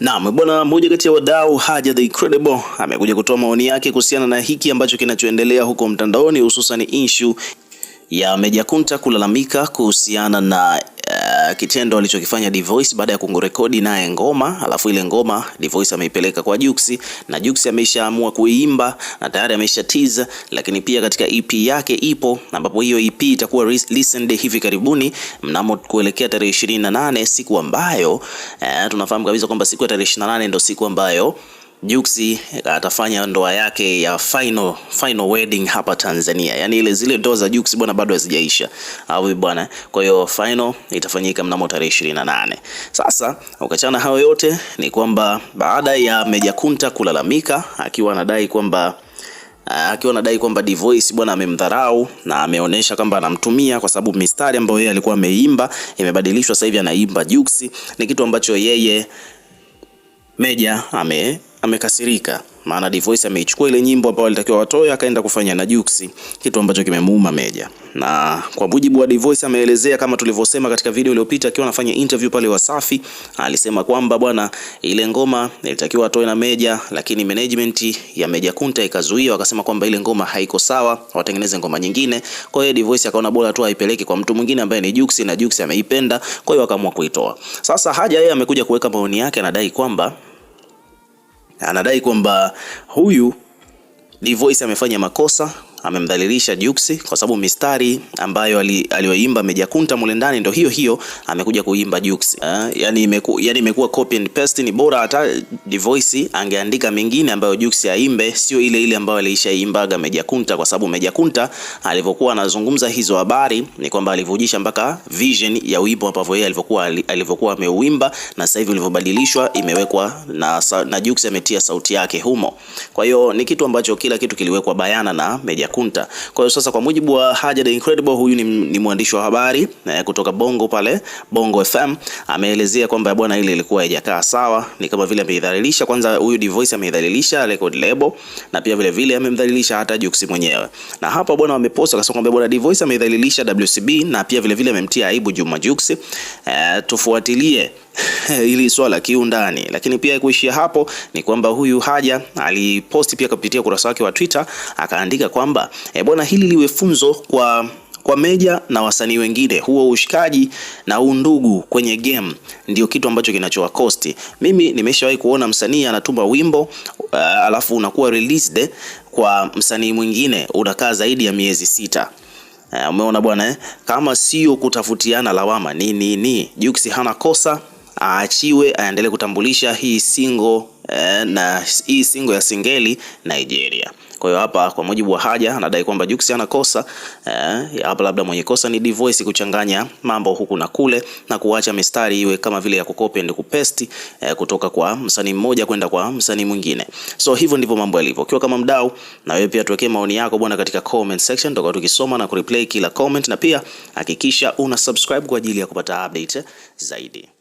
Naam, bwana mmoja kati ya wadau Haja the Incredible amekuja kutoa maoni yake kuhusiana na hiki ambacho kinachoendelea huko mtandaoni, hususan issue ya Meja Kunta kulalamika kuhusiana na Eh, kitendo alichokifanya Divoice baada ya kungorekodi naye ngoma, alafu ile ngoma Divoice ameipeleka kwa Jux na Jux ameshaamua kuiimba na tayari amesha teaser, lakini pia katika EP yake ipo, ambapo hiyo EP itakuwa listened hivi karibuni mnamo kuelekea tarehe 28 siku ambayo uh, tunafahamu kabisa kwamba siku ya tarehe 28 ndio siku ambayo Juksi eh, atafanya ndoa yake ya final, final wedding hapa Tanzania. Yaani ile zile ndoa za Juksi bwana bado hazijaisha. Au bwana. Kwa hiyo final itafanyika mnamo tarehe 28. Sasa ukachana hayo yote ni kwamba baada ya Meja Kunta kulalamika akiwa anadai kwamba eh, akiwa anadai kwamba Dvoice bwana amemdharau na ameonyesha kwamba anamtumia kwa sababu mistari ambayo yeye alikuwa ameimba imebadilishwa, sasa hivi anaimba Jux. Ni kitu ambacho yeye Meja ame amekasirika, maana Divoice ameichukua ile nyimbo ambayo alitakiwa watoe akaenda kufanya na Jux, kitu ambacho kimemuuma Meja. Na kwa mujibu wa Divoice ameelezea kama tulivyosema katika video iliyopita, akiwa anafanya interview pale Wasafi, alisema kwamba bwana, ile ngoma ilitakiwa atoe na Meja, lakini management ya Meja Kunta ikazuia, wakasema kwamba ile ngoma haiko sawa, watengeneze ngoma nyingine. Kwa hiyo Divoice akaona bora tu aipeleke kwa mtu mwingine ambaye ni Jux, na Jux ameipenda, kwa hiyo akaamua kuitoa. Sasa Haja yeye amekuja kuweka maoni yake, anadai kwamba anadai kwamba huyu D Voice amefanya makosa amemdhalilisha Jux kwa sababu mistari ambayo aliyoimba Meja Kunta mule ndani ndio hiyo hiyo amekuja kuimba Jux. Eh, yani imeku, yani imekuwa copy and paste, ni bora hata The Voice angeandika mengine ambayo Jux aimbe, sio ile ile ambayo alishaimbaga Meja Kunta, kwa sababu Meja Kunta alivyokuwa anazungumza hizo habari ni kwamba alivujisha mpaka vision ya wimbo ambao yeye alivyokuwa alivyokuwa ameuimba, na sasa hivi ulivyobadilishwa imewekwa na, na Jux ametia sauti yake humo. Kwa hiyo ni kitu ambacho kila kitu kiliwekwa bayana na Meja Kunta. Kwa hiyo sasa, kwa mujibu wa Haja the Incredible, huyu ni, ni mwandishi wa habari eh, kutoka Bongo pale Bongo FM, ameelezea kwamba bwana, ile ilikuwa haijakaa sawa, ni kama vile ameidhalilisha. Kwanza huyu Dvoice ameidhalilisha record label na pia vile vile amemdhalilisha hata Jux mwenyewe, na hapa bwana wamepost akasema kwamba bwana Dvoice ameidhalilisha WCB na pia vile vile amemtia aibu Juma Jux. Eh, tufuatilie ili swala kiundani, lakini pia kuishia hapo ni kwamba huyu Haja aliposti pia kupitia kurasa wake wa Twitter akaandika kwamba e, bwana hili liwe funzo kwa kwa Meja na wasanii wengine, huo ushikaji na undugu kwenye game ndio kitu ambacho kinachowakosti. Mimi nimeshawahi kuona msanii anatuma wimbo uh, alafu unakuwa released kwa msanii mwingine unakaa zaidi ya miezi sita. Uh, umeona bwana eh? Kama sio kutafutiana lawama ni, ni, ni. Jux hana kosa aachiwe aendelee kutambulisha hii single eh, na hii single ya singeli Nigeria. Kwa hiyo hapa kwa mujibu wa Haja anadai kwamba Jux ana kosa eh, hapa labda mwenye kosa ni Dvoice kuchanganya mambo huku na kule na kuacha mistari iwe kama vile ya kukopi and kupesti eh, kutoka kwa msanii mmoja kwenda kwa msanii mwingine. So hivyo ndivyo mambo yalivyo. Ukiwa kama mdau, na wewe pia tuwekee maoni yako bwana, katika comment section, tutakuwa tukisoma na kureplay kila comment, na pia hakikisha una subscribe kwa ajili ya kupata update zaidi.